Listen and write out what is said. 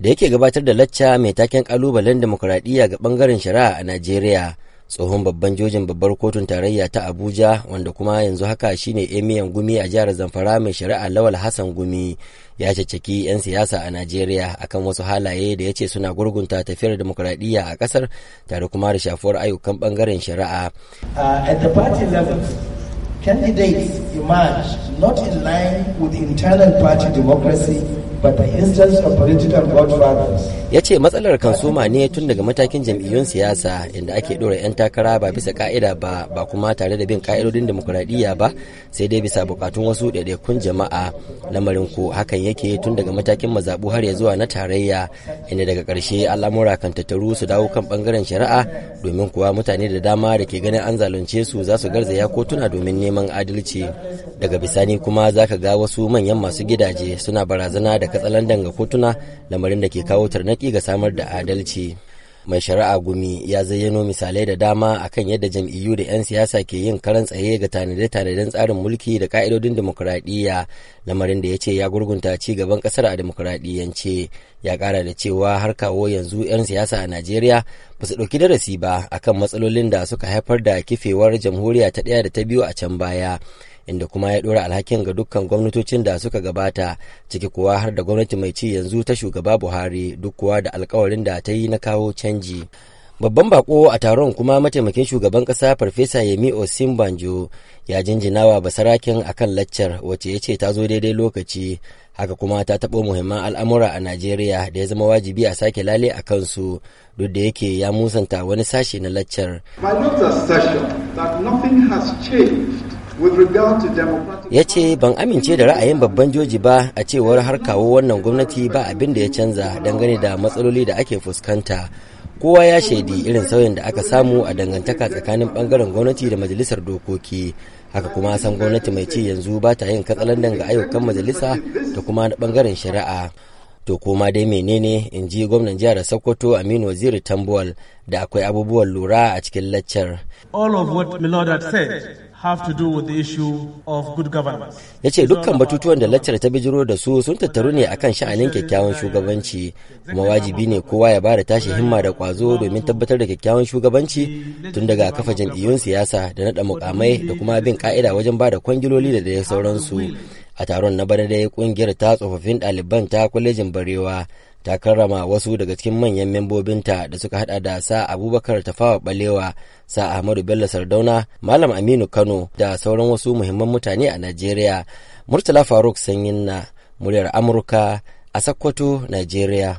da yake gabatar da lacca mai taken kalubalen demokuraɗiyya ga bangaren shari'a a najeriya tsohon babban jojin babbar kotun tarayya ta abuja wanda kuma yanzu haka shine emiyan gumi a jihar zamfara mai shari'a lawal hassan gumi ya caccaki 'yan siyasa a najeriya akan wasu halaye da ya ce suna gurgunta tafiyar demokuraɗiyya a ƙasar tare kuma da shafuwar ayyukan ɓangaren shari'a. Uh, candidates emerge not in line with internal party democracy but the instance of political godfathers. Ya ce matsalar kansoma ne tun daga matakin jam'iyyun siyasa inda ake ɗora 'yan takara ba bisa ka'ida ba ba kuma tare da bin ka'idodin demokuraɗiyya ba sai dai bisa bukatun wasu ɗaiɗaikun jama'a lamarin ko hakan yake tun daga matakin mazaɓu har ya zuwa na tarayya inda daga ƙarshe al'amura kan tattaru su dawo kan ɓangaren shari'a domin kuwa mutane da dama da ke ganin an zalunce su za su garzaya kotuna domin neman neman adalci daga bisani kuma za ka ga wasu manyan masu gidaje suna barazana da katsalandan ga kotuna lamarin da ke kawo tarnaki ga samar da adalci mai shari'a gumi ya zayyano misalai da dama akan yadda jam'iyyu da 'yan siyasa ke yin karan tsaye ga tanade-tanaden tsarin mulki da ka'idodin demokuraɗiyya lamarin da ya ce ya gurgunta ci gaban ƙasar a demokuraɗiyyance ya ƙara da cewa har kawo yanzu 'yan siyasa a najeriya ba su ɗauki darasi ba akan matsalolin da suka haifar da kifewar jamhuriya ta ɗaya da ta biyu a can baya inda kuma ya ɗora alhakin ga dukkan gwamnatocin da suka gabata ciki kuwa har da gwamnati mai ci yanzu ta shugaba buhari duk kuwa da alkawarin da ta yi na kawo canji babban bako a taron kuma mataimakin shugaban kasa farfesa yemi banjo ya jinjinawa basarakin akan laccar wacce ya ce ta zo daidai lokaci haka kuma ta taɓo muhimman al'amura a najeriya da ya zama wajibi a sake lale a kansu duk da yake ya musanta wani sashe na laccar. My that nothing has changed ya ce ban amince da ra'ayin babban joji ba a cewar har kawo wannan gwamnati ba abin da ya canza dangane da matsaloli da ake fuskanta kowa ya shaidi irin sauyin da aka samu a dangantaka tsakanin bangaren gwamnati da majalisar dokoki haka kuma san gwamnati mai ci yanzu ba ta yin katsalandan ga ayyukan majalisa da kuma bangaren shari'a To koma dai menene in ji gwamnan jihar Sokoto Aminu Waziri Tambuwal da akwai abubuwan lura a cikin laccar. All of what Ya ce dukkan batutuwan da laccar ta bijiro da su sun tattaru ne akan sha'anin kyakkyawan shugabanci, kuma wajibi ne kowa ya bada tashi himma da kwazo domin tabbatar da kyakkyawan shugabanci tun daga kafa jam'iyyun siyasa da naɗa mukamai da kuma bin ka'ida wajen bada kwangiloli da dai sauransu. a taron na bana dai kungiyar ta tsofaffin ɗaliban ta kwalejin barewa ta karrama wasu daga cikin manyan membobinta da suka hada da sa abubakar tafawa balewa sa ahmadu bello sardauna malam aminu kano da sauran wasu muhimman mutane a najeriya murtala faruk sanyin na muryar amurka a sakkwato najeriya